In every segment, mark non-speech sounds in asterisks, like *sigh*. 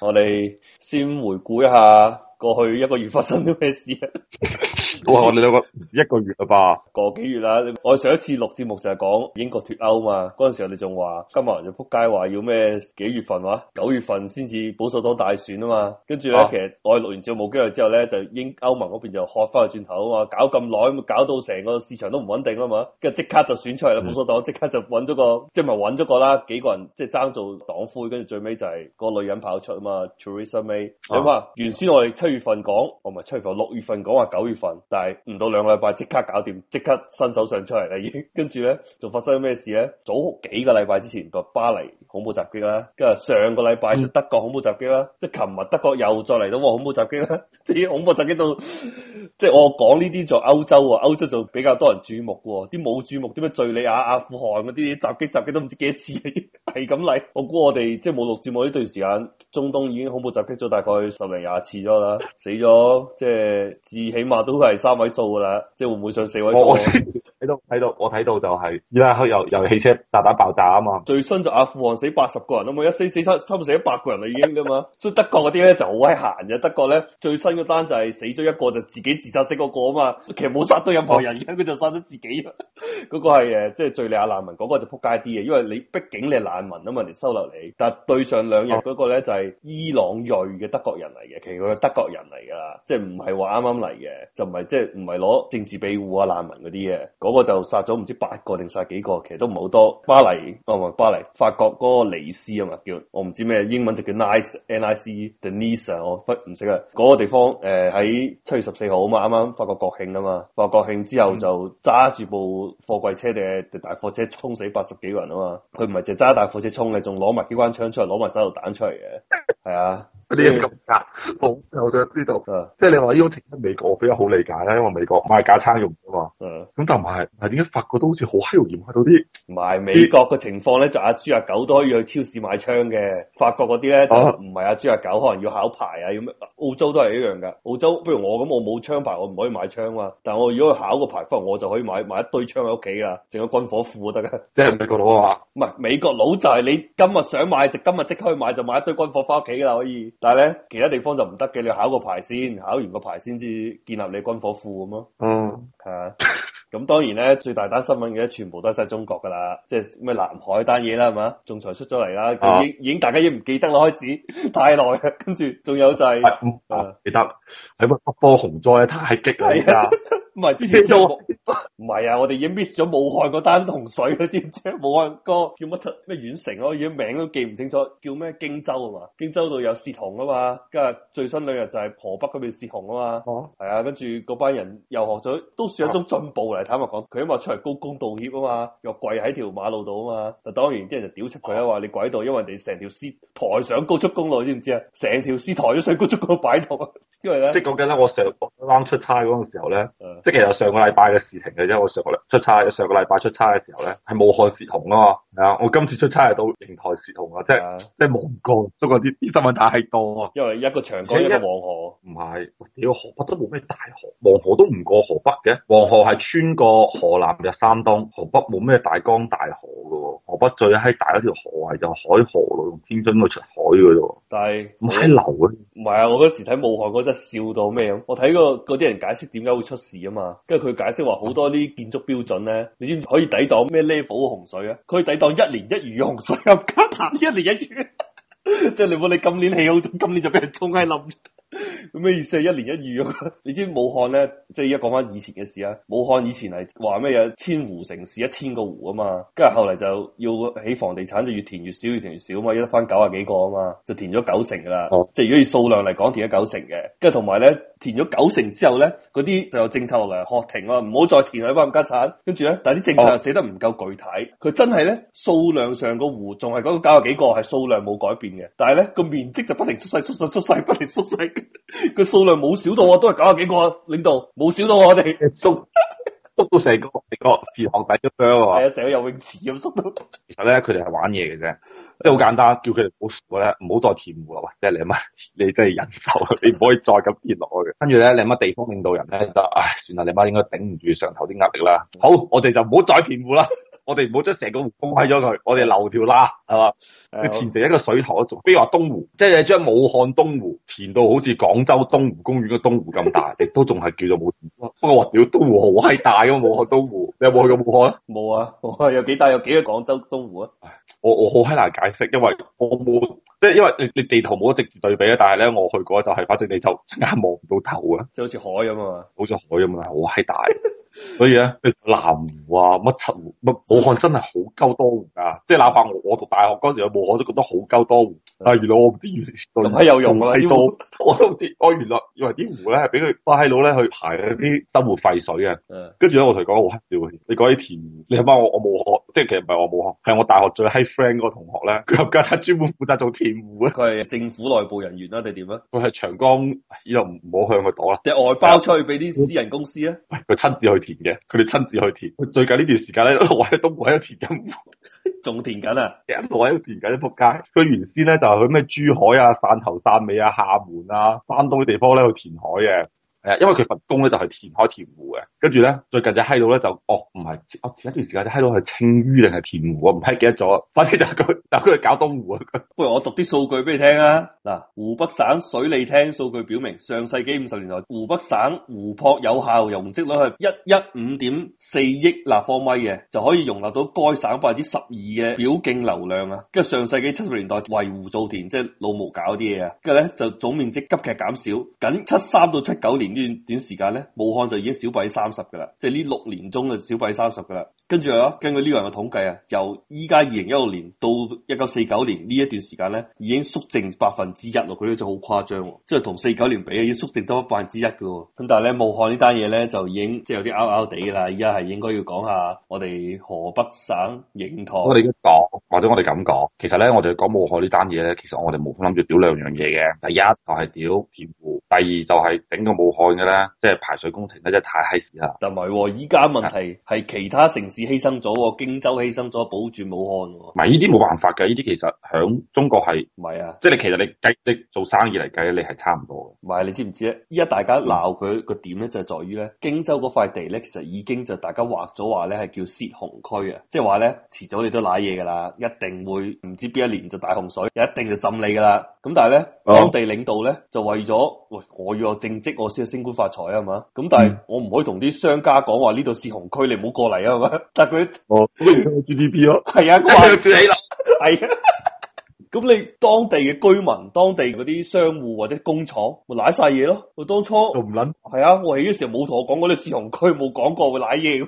我哋先回顧一下。過去一個月發生咗咩事啊？我哋兩個一個月啊吧？個幾月啦？我上一次錄節目就係講英國脫歐嘛，嗰陣時候你仲話今日就撲街話要咩幾月份哇？九月份先至保守黨大選啊嘛，跟住咧其實我哋錄完節目之後咧就英歐盟嗰邊就翻去轉頭啊嘛，搞咁耐，搞到成個市場都唔穩定啦嘛，跟住即刻就選出嚟啦，嗯、保守黨即刻就揾咗個即係咪揾咗個啦？幾個人即係爭做黨魁，跟住最尾就係個女人跑出嘛啊嘛，Theresa May。咁話、啊、原先我哋七月份講，我唔係七月份六月份講話九月份，但係唔到兩個禮拜即刻搞掂，即刻新手上出嚟啦。已經跟住咧，仲發生咩事咧？早幾個禮拜之前個巴黎恐怖襲擊啦，跟住上個禮拜就德國恐怖襲擊啦，即係琴日德國又再嚟到恐怖襲擊啦。至於恐怖襲擊到，即係我講呢啲在歐洲啊，歐洲就比較多人注目啲冇注目，點解敘利亞、阿富汗嗰啲襲，襲擊、襲擊都唔知幾多次係咁嚟？我估我哋即係冇錄節目呢段時間，中東已經恐怖襲擊咗大概十零廿次咗啦。死咗，即係至起碼都係三位數噶啦，即係會唔會上四位數？ *laughs* 睇到我睇到就係而家又又汽車大打,打爆炸啊嘛，最新就阿富汗死八十個人啊嘛，一死死七差唔多死一百個人啦已經啫嘛，所以德國嗰啲咧就好閪閒嘅，德國咧最新嗰單就係死咗一個就自己自殺死嗰個啊嘛，其實冇殺到任何人，嘅，佢就殺咗自己。嗰 *laughs* 個係誒，即係敘利亞難民嗰個就扑街啲嘅，因為你畢竟你係難民啊嘛，嚟收留你。但係對上兩日嗰個咧就係、是、伊朗裔嘅德國人嚟嘅，其實佢係德國人嚟噶，即係唔係話啱啱嚟嘅，就唔係即係唔係攞政治庇護啊難民嗰啲嘅就殺咗唔知八個定殺幾個，其實都唔係好多。巴黎，哦唔係巴黎，法國嗰個尼斯啊嘛，叫我唔知咩英文，就叫 Nice，N I C，Denise，e 我不唔識啊。嗰、那個地方誒喺七月十四號啊嘛，啱啱法國國慶啊嘛，法國國慶之後就揸住部貨櫃車嘅大貨車沖死八十幾個人啊嘛，佢唔係淨係揸大貨車沖嘅，仲攞埋機關槍出嚟，攞埋手榴彈出嚟嘅，係啊。啲嘢咁格，好、嗯，我就知道，即係你話呢種情形喺美國，我比較好理解啦，因為美國買假槍用㗎嘛。嗯，咁但係，係點解法國都好似好閪容易買到啲？唔係美國嘅情況咧，就、嗯、阿豬阿狗都可以去超市買槍嘅。法國嗰啲咧就唔係阿豬阿狗，可能要考牌啊，要咩？澳洲都係一樣噶。澳洲不如我咁，我冇槍牌，我唔可以買槍嘛、啊。但係我如果去考個牌，可能我就可以買買一堆槍喺屋企啦，淨係軍火庫得嘅。即係、嗯、美國佬啊嘛？唔係美國佬就係你今日想買，就今日即刻去買，就買一堆軍火翻屋企㗎啦，可以。但係咧，其他地方就唔得嘅，你要考個牌先，考完個牌先至建立你軍火庫咁咯、嗯嗯。嗯，係啊。咁當然咧，最大單新聞嘅全部都係晒中國噶啦，即係咩南海單嘢啦，係嘛？仲裁出咗嚟啦。啊、已經已經大家已經唔記得啦，開始太耐啦。跟住仲有就係唔記得，係咪、啊？北方洪災，太係激烈噶，唔係之前唔係啊，我哋已經 miss 咗武漢嗰單洪水你知唔知？武漢嗰個叫乜乜遠城我已經名都記唔清楚，叫咩荊州啊嘛？荊州度有泄洪啊嘛，今日最新兩日就係河北嗰邊泄洪啊嘛。哦，係啊，跟住嗰班人又學咗，都算一種進步嚟。啊、坦白講，佢因為出嚟高公道歉啊嘛，又跪喺條馬路度啊嘛。就當然啲人就屌柒佢啊，話你跪喺度，因為你成條屍抬上高速公路，知唔知，條知，知啊？成條屍抬咗上高速公路擺度，因為咧呢，即係講緊咧，我上啱出差嗰個時候咧，即係、嗯、其實上個禮拜嘅事。嗯嗯因為我上個禮出差，上個禮拜出差嘅時候咧，喺武漢洩洪啊嘛。啊！我今次出差係到邢台市同啊，即係即係蒙江，中國啲新聞大把多啊，因為一個長江一個黃河。唔係，屌、哎，河北都冇咩大河，黃河都唔過河北嘅。黃河係穿過河南嘅山東，河北冇咩大江大河噶喎。河北最閪大一條河係就海河咯，喺天津嗰度出海嘅啫。但係唔係流啊？唔係啊！我嗰時睇武漢嗰陣笑到咩咁，我睇過嗰啲人解釋點解會出事啊嘛。跟住佢解釋話好多啲建築標準咧，你知唔知可以抵擋咩 level 嘅洪水啊？佢可以抵擋。一年一遇洪，所以咁慘。一年一遇， *laughs* *laughs* 即係你冇，你今年起好咗，今年就俾人沖喺淋。咩意思啊？一年一遇啊！你知武漢咧，即係而家講翻以前嘅事啊。武漢以前係話咩有千湖城市，一千個湖啊嘛。跟住後嚟就要起房地產，就越填越少，越填越少嘛，一得翻九啊幾個啊嘛，就填咗九成噶啦。啊、即係如果以數量嚟講，填咗九成嘅。跟住同埋咧，填咗九成之後咧，嗰啲就有政策落嚟。學停啊，唔好再填喺翻咁加產。跟住咧，但係啲政策又寫得唔夠具體，佢真係咧數量上個湖仲係嗰個九啊幾個，係數量冇改變嘅。但係咧個面積就不停縮細、縮細、縮細、不停縮細。個數量冇少到啊，都係九十幾個啊，領導冇少我 *laughs* 到我哋，捉捉到成個成 *laughs* 個池塘底咁樣啊，係啊，成個游泳池咁到。其實咧，佢哋係玩嘢嘅啫，即係好簡單，叫佢哋唔好咧，唔好再填湖啦。喂，即係你媽，你真係忍受，你唔可以再咁填落去。跟住咧，你乜地方領導人咧，就唉，算啦，你媽應該頂唔住上頭啲壓力啦。好，我哋就唔好再填湖啦。我哋唔好將成個湖公閪咗佢，我哋留條啦，係嘛？去、嗯、填地一個水塘，比如話東湖，即係將武漢東湖填到好似廣州東湖公園嘅東湖咁大，亦 *laughs* 都仲係叫做武漢。不過話屌東湖好閪大啊！武漢東湖，你有冇去過武漢？冇啊！武漢有幾大？有幾個廣州東湖啊？我我好閪難解釋，因為我冇即係因為你你地圖冇得直接對比啊。但係咧，我去過就係，反正你就眼望唔到頭啊！就好似海咁啊！ *laughs* 好似海咁啊！好閪大。所以咧，南湖啊，乜七湖，乜武漢真係好鳩多湖㗎，即係哪怕我我讀大學嗰陣喺武漢，我都覺得好鳩多湖。啊！原來我唔知原來咁閪有用啊！ *laughs* 我都唔知，我原來以為啲湖咧係俾佢，哇閪佬咧去排嗰啲生活廢水啊！跟住咧我同佢講好笑，你講啲填湖，你諗下我我冇學，即係其實唔係我冇學，係我大學最閪 friend 嗰個同學咧，佢入間專門負責做填湖啊！佢係政府內部人員啊定點啊？佢係長江呢度唔好向佢躲啦！即係 *laughs* 外包出去俾啲私人公司啊？佢親自去填嘅，佢哋親自去填。最近呢段時間咧，我喺東湖喺度填金湖。 *laughs* 仲填緊啊！一路喺度填緊啲仆街。佢原先咧就係去咩珠海啊、汕頭、汕尾啊、廈門啊、山東啲地方咧去填海嘅。因為佢份工咧就係填海填湖嘅，跟住咧最近就閪到咧就，哦，唔係，我前一段時間就閪到係清淤定係填湖，我唔閪記得咗，反正就佢但佢係搞東湖啊。不如我讀啲數據俾你聽啊。嗱，湖北省水利廳數據表明，上世紀五十年代湖北省湖泊有效容積率係一一五點四億立方米嘅，就可以容納到該省百分之十二嘅表徑流量啊。跟住上世紀七十年代圍湖造田，即、就、係、是、老毛搞啲嘢啊，跟住咧就總面積急劇減少，僅七三到七九年。短時間咧，武漢就已經少比三十噶啦，即係呢六年中就少比三十噶啦。跟住啊，根據呢個人嘅統計啊，由依家二零一六年到一九四九年呢一段時間咧，已經縮剩百分之一咯。佢呢就好誇張、哦，即係同四九年比已經縮剩多百分之一嘅。咁但係咧，武漢呢單嘢咧就已經即係有啲拗拗地啦。依家係應該要講下我哋河北省邢台。我哋講或者我哋咁講，其實咧，我哋講武漢呢單嘢咧，其實我哋冇心諗住屌兩樣嘢嘅。第一就係屌天湖，第二就係整個武漢。岸嘅啦，即係排水工程咧，真係太閪事啦。但係依家問題係其他城市犧牲咗，荊州犧牲咗保住武漢。唔係呢啲冇辦法嘅，呢啲其實響中國係唔係啊？即係你其實你計你做生意嚟計，啊，你係差唔多唔係你知唔知咧？依家大家鬧佢個點咧，就係在於咧，荊州嗰塊地咧，其實已經就大家畫咗話咧係叫泄洪區啊，即係話咧遲早你都瀨嘢噶啦，一定會唔知邊一年就大洪水，一定就浸你噶啦。咁但係咧，當地領導咧就為咗喂，我要有政績我先。升官發財啊嘛，咁但係我唔可以同啲商家講話呢度是紅區，你唔好過嚟啊嘛。但佢哦，佢唔知 GDP 咯。係啊，佢話住你啦，係 *laughs* 啊。咁你當地嘅居民、當地嗰啲商戶或者工廠咪瀨晒嘢咯？我當初又唔捻係啊！我、哎、起嗰時冇同我講嗰啲泄洪區冇講過會瀨嘢，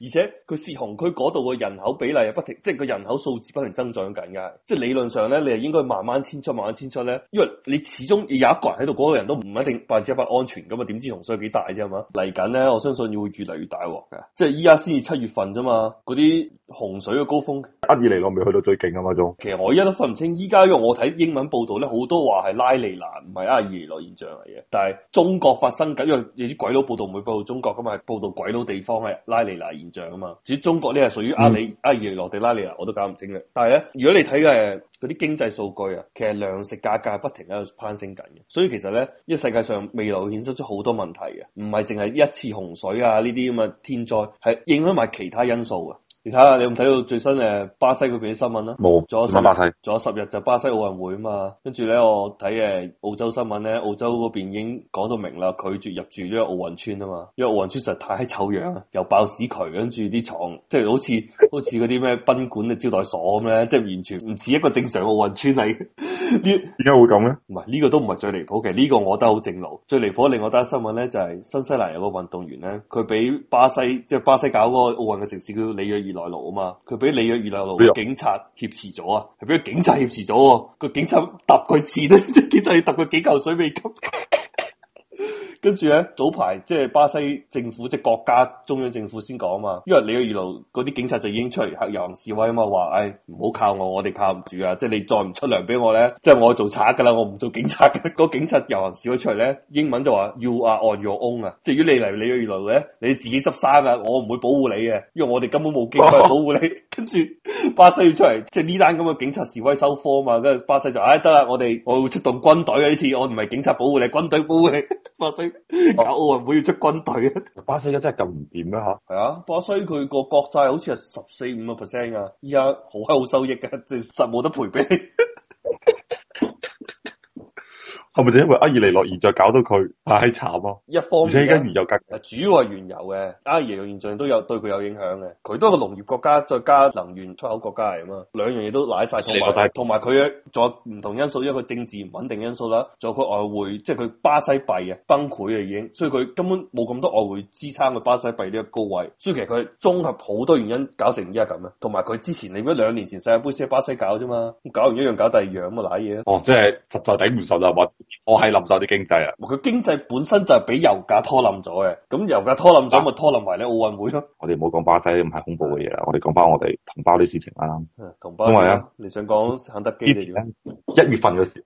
而且佢泄洪區嗰度嘅人口比例又不停，即係個人口數字不停增長緊噶。即係理論上咧，你係應該慢慢遷出、慢慢遷出咧，因為你始終有一個人喺度，嗰、嗰個人都唔一定百分之一百安全噶嘛。點知洪水幾大啫嘛？嚟緊咧，我相信要越嚟越大鑊噶。即係依家先至七月份啫嘛，嗰啲洪水嘅高峰，一二嚟我未去到最勁啊嘛。其實我依家都分唔清。依家因為我睇英文報道咧，好多話係拉尼娜唔係厄爾尼諾現象嚟嘅，但係中國發生緊因為有啲鬼佬報道唔會報道中國噶嘛，報道鬼佬地方係拉尼娜現象啊嘛。至於中國呢係屬於阿里厄爾尼諾定拉尼娜，我都搞唔清嘅。但係咧，如果你睇嘅嗰啲經濟數據啊，其實糧食價格係不停喺度攀升緊嘅。所以其實咧，呢個世界上未來會顯出好多問題嘅，唔係淨係一次洪水啊呢啲咁嘅天災，係影響埋其他因素啊。你睇下，你有冇睇到最新誒巴西嗰邊啲新聞啊？冇有，仲有十日，仲有十日就巴西奧運會啊嘛。跟住咧，我睇誒澳洲新聞咧，澳洲嗰邊已經講到明啦，拒絕入住呢個奧運村啊嘛。因為奧運村實在太醜樣啦，的又爆屎渠，跟住啲牀即係好似 *laughs* 好似嗰啲咩賓館嘅招待所咁咧，即係完全唔似一個正常嘅奧運村嚟。點 *laughs* 解這會咁咧？唔係，呢個都唔係最離譜嘅，呢個我覺得好正路。最離譜另外單新聞咧就係新西蘭有個運動員咧，佢俾巴西即係巴西搞嗰個奧運嘅城市叫里約 *noise* 來路啊嘛，佢俾紐約儀內路警察挾持咗啊，係俾個警察挾持咗，個警察揼佢錢啊，警察要揼佢幾嚿水未吸。 *laughs* 跟住咧，早排即係巴西政府，即係國家中央政府先講嘛，因為李月露嗰啲警察就已經出嚟遊行示威啊嘛，話誒唔好靠我，我哋靠唔住啊！即係你再唔出糧俾我咧，即係我做賊噶啦，我唔做警察嘅。嗰 *laughs* 警察遊行示威出嚟咧，英文就話 You are on your own 啊！即係於你嚟你李二路嘅，你自己執生啊！我唔會保護你嘅，因為我哋根本冇機會保護你。 *laughs* 跟住巴西要出嚟，即係呢單咁嘅警察示威收科啊嘛，跟住巴西就誒得啦，我哋我會出動軍隊啊！呢次我唔係警察保護你，軍隊保護你， *laughs* 巴西。 *laughs* 搞奧運會要出軍隊 *laughs* 啊！巴西真係咁唔掂啦。吓？係啊，巴西佢個國債好似係十四五個 percent 啊，而家好好收益噶，即實冇得賠俾。 *laughs* 係咪就因為厄爾尼諾而再搞到佢太慘咯？一方面而家原,原油急，主要係原油嘅厄爾尼諾現象都有對佢有影響嘅。佢都係個農業國家，再加能源出口國家嚟啊嘛，兩樣嘢都瀨晒。同埋同埋佢仲有唔同因素，一個政治唔穩定因素啦，仲有佢外匯，即係佢巴西幣啊崩潰啊已經，所以佢根本冇咁多外匯支撐佢巴西幣呢個高位。所以其實佢綜合好多原因搞成而家咁啊。同埋佢之前你唔好兩年前世界杯先喺巴西搞啫嘛，搞完一樣搞第二樣咁啊瀨嘢 *noise* 哦，即係實在頂唔順啊！我。我係淋晒啲經濟啊，佢、嗯、經濟本身就係俾油價拖冧咗嘅，咁油價拖冧咗咪拖冧埋咧奧運會咯。我哋唔好講巴西咁係恐怖嘅嘢啦，我哋講翻我哋同胞啲事情啦。同胞，因為啊，你想講肯德基嚟嘅？一月份嘅時，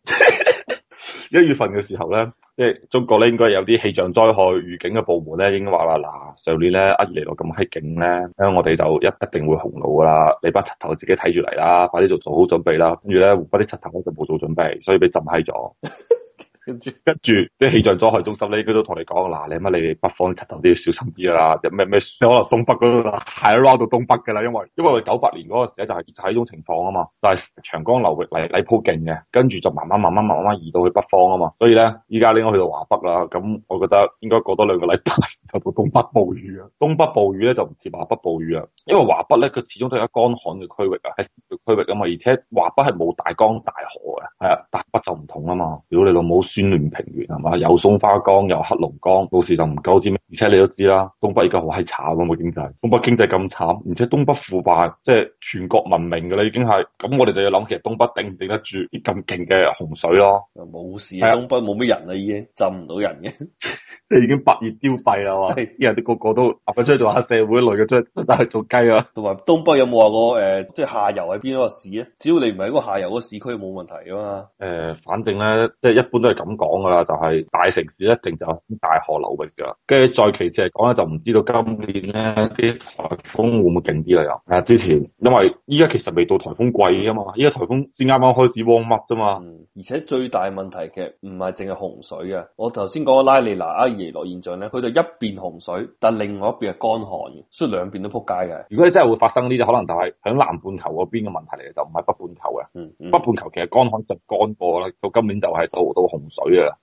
一月份嘅時候咧，即係中國咧，應該有啲氣象災害預警嘅部門咧，應該話啦嗱，上年咧厄爾尼諾咁閪勁咧，因為我哋就一一定會洪澇噶啦，你班柒頭自己睇住嚟啦，快啲做做好準備啦，跟住咧，湖北啲柒頭咧就冇做準備，所以俾浸閪咗。 *laughs* 跟住，跟住啲氣象災害中心咧，佢都同你講嗱，你乜你北方出頭都要小心啲啦，咩咩可能東北嗰度係 round 到東北嘅啦，因為因為九八年嗰個時咧就係係一種情況啊嘛，但係長江流域嚟嚟鋪勁嘅，跟住就慢慢慢慢慢慢移到去北方啊嘛，所以咧依家咧我去到華北啦，咁我覺得應該過多兩個禮拜就到東北暴雨啊。東北暴雨咧就唔似華北暴雨啊，因為華北咧佢始終都係一乾旱嘅區域啊，係嘅區域啊嘛，而且華北係冇大江大河嘅，係啊，大北就唔同啊嘛，如果你老母！酸亂平原係嘛？有松花江，有黑龍江，到時就唔夠啲咩？而且你都知啦，東北而家好閪慘嘅、啊、經濟，東北經濟咁慘，而且東北腐敗，即係全國聞名㗎喇，已經係咁，我哋就要諗，其實東北頂唔頂得住啲咁勁嘅洪水咯。冇事，東北冇咩人啦，已經浸唔到人嘅。 *laughs* 即係已經百業凋廢啦嘛，啲是人啲個個都阿芬出去做下社會，女嘅出去出做雞啊。同埋東北有冇話過誒，即係下游喺邊一個市啊？只要你唔係嗰個下游個市區，冇問題噶嘛。誒、呃，反正咧，即、就、係、是、一般都係咁講噶啦，就係、是、大城市一定就大河流域噶。跟住再其次嚟講咧，就唔知道今年咧啲台風會唔會勁啲啦又。啊，之前因為依家其實未到台風季啊嘛，依家台風先啱啱開始汪乜啫嘛。而且最大問題其實唔係淨係洪水嘅，我頭先講個拉尼娜啊。奇洛現象咧，佢就一邊洪水，但另外一邊係乾旱嘅，所以兩邊都撲街嘅。如果你真係會發生呢啲，可能就係喺南半球嗰邊嘅問題嚟，就唔係北半球嘅、嗯。嗯，北半球其實乾旱就乾過啦，到今年就係到到洪水嘅啦，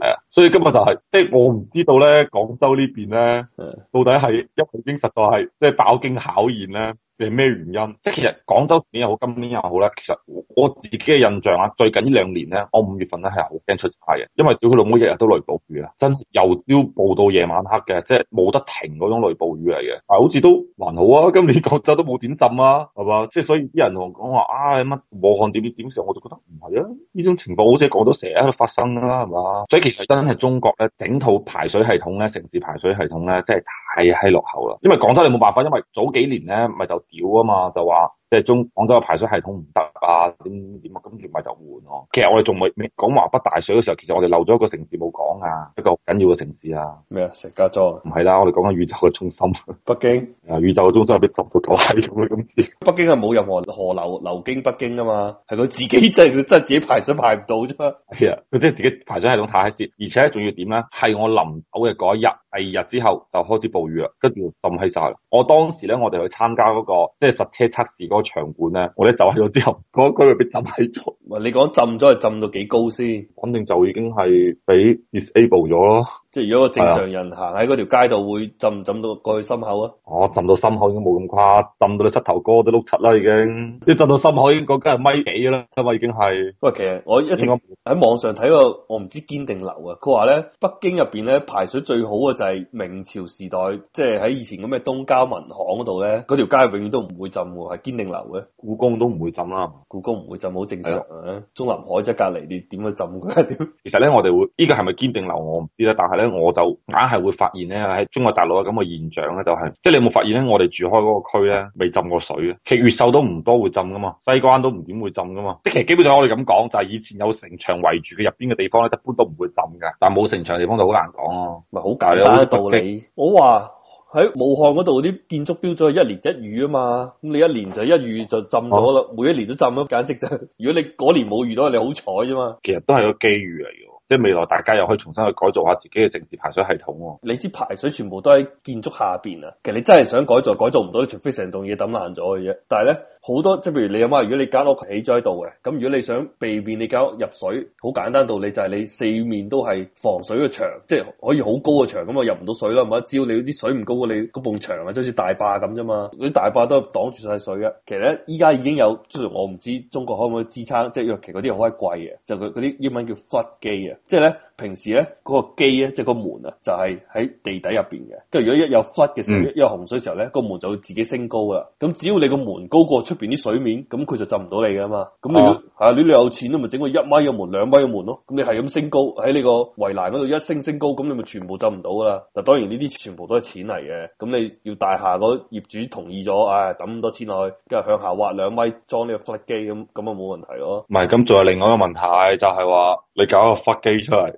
係啊。所以今日就係、是，即係 *laughs* 我唔知道咧，廣州邊呢邊咧，的到底係一部已經實在係即係飽經考驗咧。係咩原因？即係其實廣州前年又好，今年又好啦。其實我自己嘅印象啊，最近呢兩年咧，我五月份咧係好驚出差嘅，因為對佢老母日日都雷暴雨啊，真由朝暴到夜晚黑嘅，即係冇得停嗰種雷暴雨嚟嘅。但係好似都還好啊，今年廣州都冇點浸啊，係嘛？即係所以啲人同我講話啊，乜、哎、武漢點點點時候，我就覺得唔係啊，呢種情況好似講到成日喺度發生啦，係嘛？所以其實真係中國咧，整套排水系統咧，城市排水系統咧，即係。係啊，係落後啦，因為廣州你冇辦法，因為早幾年咧咪就屌啊嘛，就話。即係中廣州嘅排水系統唔得啊？點點點啊？咁佢咪就換咯，啊。其實我哋仲未未講華北大水嘅時候，其實我哋漏咗一個城市冇講啊，一個好緊要嘅城市啊。咩啊？石家莊？唔係啦，我哋講緊宇宙嘅中心，北京中心。北京。啊！宇宙嘅中心入邊度度都係咁樣。北京係冇任何河流流經北京啊嘛，係佢自己即係佢真係自己排水排唔到啫嘛。係啊，佢啲自己排水系統太啲。而且仲要點咧？係我臨走嘅嗰一日，第二日之後就開始暴雨啊，跟住浸喺晒。我當時咧，我哋去參加嗰、嗰個即係、嗰個、實車測試嗰。場館咧，我哋走喺咗之後，嗰區佢俾浸喺咗。喂，你講浸咗係浸到幾高先？肯定就已經係俾 disable 咗咯。即係如果個正常人行喺嗰條街度會浸唔浸到過去心口啊？我浸到心口已經冇，咁誇，浸到你膝頭哥都碌柒啦已經。即係浸到心口已經嗰間係米幾啦，因為已經係。喂，其實我一直喺網上睇過，我唔知堅定流啊。佢話咧，北京入邊咧排水最好嘅就係明朝時代，即係喺以前嗰嘅東交民巷嗰度咧，嗰條街永遠都唔會浸嘅，係堅定流嘅。故宮都唔會浸啦。啊，故宮唔會浸好正常啊。哎、呀中南海即隔籬，你點去浸佢 *laughs* 其實咧，我哋會依、這個係咪堅定流我唔知咧，但係我就硬係會發現咧，喺中國大陸嘅咁嘅現象咧、就是，就係即係你有冇發現咧？我哋住開嗰個區咧，未浸過水，其實越秀都唔多會浸噶嘛，西關都唔點會浸噶嘛。即其實基本上我哋咁講，就係、是、以前有城牆圍住嘅入邊嘅地方咧，一般都唔會浸噶。但係冇城牆地方就好難講咯、啊。咪好簡單，有道理。我話喺武漢嗰度啲建築標準係一年一遇啊嘛，咁你一年就一遇就浸咗啦，嗯、每一年都浸咗，簡直就是、如果你嗰年冇遇到，你好彩啫嘛。其實都係個機遇嚟嘅。即係未來大家又可以重新去改造下自己嘅城市排水系統喎、哦。你知排水全部都喺建築下邊啊，其實你真係想改造，改造唔到，除非成棟嘢抌爛咗嘅啫。但係咧。好多即係，譬如你諗下，如果你間屋起咗喺度嘅，咁如果你想避免你間屋入水，好簡單道理就係你四面都係防水嘅牆，即係可以好高嘅牆，咁啊入唔到水啦，係咪？只要你啲水唔高過你嗰埲牆啊，即係好似大壩咁啫嘛，嗰啲大壩都係擋住晒水嘅。其實咧，依家已經有，即係我唔知中國可唔可以支撐，即係尤其嗰啲好閪貴嘅，就佢嗰啲英文叫 floodgate 啊，即係咧。平時咧，嗰個機咧，即係個門啊，就係喺地底入邊嘅。跟住如果一有 flood 嘅時候，一，嗯，有洪水嘅時候咧，個門就會自己升高噶啦。咁只要你個門高過出邊啲水面，咁佢就浸唔到你噶嘛。咁你要啊，你你有錢啊，咪整個一米嘅門、兩米嘅門咯。咁你係咁升高喺呢個圍欄嗰度一升升高，咁你咪全部浸唔到噶啦。嗱，當然呢啲全部都係錢嚟嘅。咁你要大廈個業主同意咗，唉，抌咁多錢落去，跟住向下挖兩米裝呢個 flood 機，咁咁咪冇問題咯。唔係，咁仲有另外一個問題就係話你搞個 flood 機出嚟。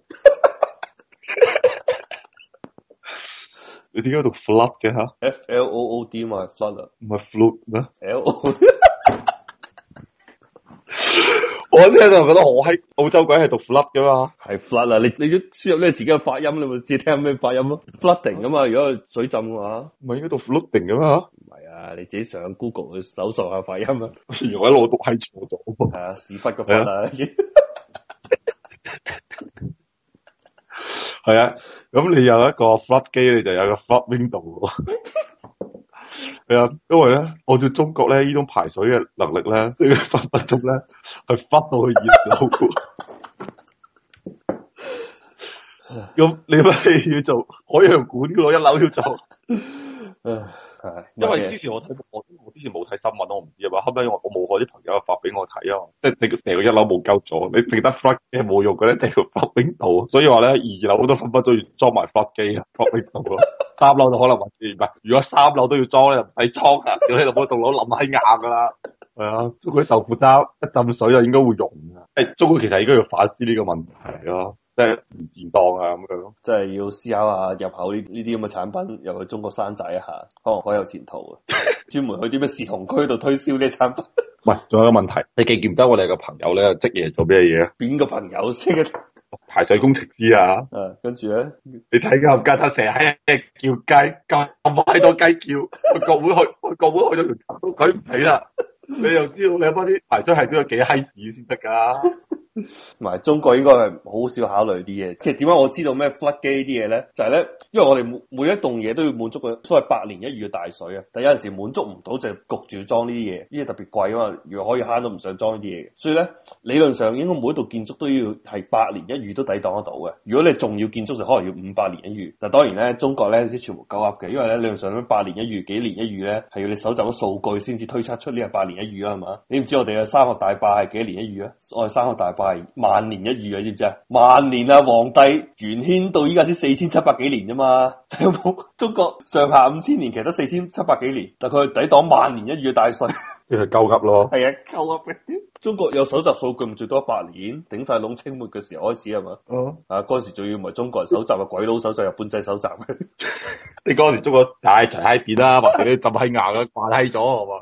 *laughs* 你點解讀 flood 嘅吓？F L O O D 嘛 flood 唔係 float 咩？L 我聽就覺得我喺澳洲鬼係讀 flood 噶嘛，係 flood 啦。你你輸入你自己嘅發音，你咪只聽咩發音咯。flooding 噶嘛，如果水浸嘅話，唔係應該讀 flooding 噶嘛。唔係啊，你自己上 Google 去搜索下發音啊。 *laughs* 如果我一我都係錯咗，係啊， *laughs* *laughs* 屎忽咁樣啊！ *laughs* *laughs* 係啊，咁、 *noise* 嗯、你有一個 f l o o d 機，你就有個 f l o o d window 喎。係 *laughs* 啊、嗯，因為咧，按照中國咧呢種排水嘅能力咧，即係分分鐘咧係 flood 到去二樓。咁、 *laughs* 嗯、你咪要做海洋館嘅咯，一樓要做。 *laughs* 嗯因為之前我睇我我之前冇睇新聞，我唔知啊嘛。後尾我我冇我啲朋友發俾我睇啊，即係你成個一樓冇夠咗，你淨得 flat 機冇用嗰啲，定係 flat 頂度？所以話咧，二樓好多分分都要裝埋 flat 機啊，flat 頂度咯。三樓就可能唔係，如果三樓都要裝咧，唔使裝啊，叫你老母棟樓諗下啲硬噶啦。係啊， *laughs* *laughs* 嗰啲豆腐渣一浸水就應該會溶啊。誒、哎，中國其實應該要反思呢個問題咯。 *laughs* *laughs* 即係唔正當啊咁樣咯，即係要思考下入口呢呢啲咁嘅產品入去中國山寨一下，可能好有前途啊。專門去啲咩市同區度推銷呢啲產品，喂，仲有個問題，你記唔記得我哋個朋友咧，職業做咩嘢啊？邊個朋友先？嘅？排水工程師啊。誒，跟住咧，你睇佢唔家得，成日喺度叫雞，夠冇喺度雞叫，去國會去去國會去咗條凳都舉唔起啦。你又知道你有嗰啲排水系統幾閪子先得噶？同埋中國應該係好少考慮啲嘢。其實點解我知道咩 floodgate 啲嘢咧？就係、是、咧，因為我哋每每一棟嘢都要滿足個所謂百年一遇嘅大水啊。但有陣時滿足唔到就焗住要裝呢啲嘢，呢啲特別貴啊嘛。如果可以慳都唔想裝呢啲嘢。所以咧，理論上應該每一棟建築都要係百年一遇都抵擋得到嘅。如果你重要建築就可能要五百年一遇。但係當然咧，中國咧啲全部夠噏嘅，因為咧理論上咧百年一遇、幾年一遇咧係要你搜集數據先至推測出呢個百年一遇啊，係嘛？你唔知我哋嘅三峽大壩係幾年一遇啊？我哋三峽大壩係萬年一遇啊，知唔知啊？萬年啊！皇帝元軒到依家先四千七百幾年咋嘛？中國上下五千年，其實得四千七百幾年，但係佢抵擋萬年一遇嘅大水，你係夠急咯。係啊，夠急。中國有收集數據，唔最多百年，頂晒籠清末嘅時候開始係嘛？哦。啊，嗰時仲要唔係中國人收集，係鬼佬收集、日本仔收集。你嗰時中國太齊閪扁，啦，或者你浸閪牙嘅掛閪咗係嘛？